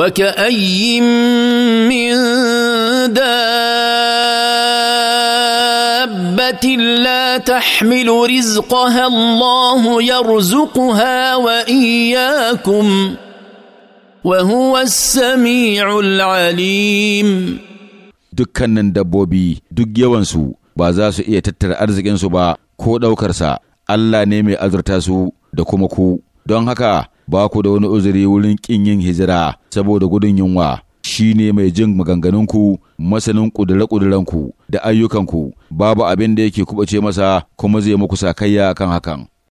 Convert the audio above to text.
وكأي من دابة لا تحمل رزقها الله يرزقها وإياكم وهو السميع العليم dukkanin dabbobi duk yawansu ba za su iya tattara arzikinsu ba ko ɗaukarsa Allah ne mai azurta su da kuma ku don haka ba ku da wani uzuri wurin kin yin hijira saboda gudun yunwa shi ne mai jin maganganunku masanin ƙudure-ƙudurenku da ayyukanku babu abin da yake kubace masa kuma zai muku sakayya kan hakan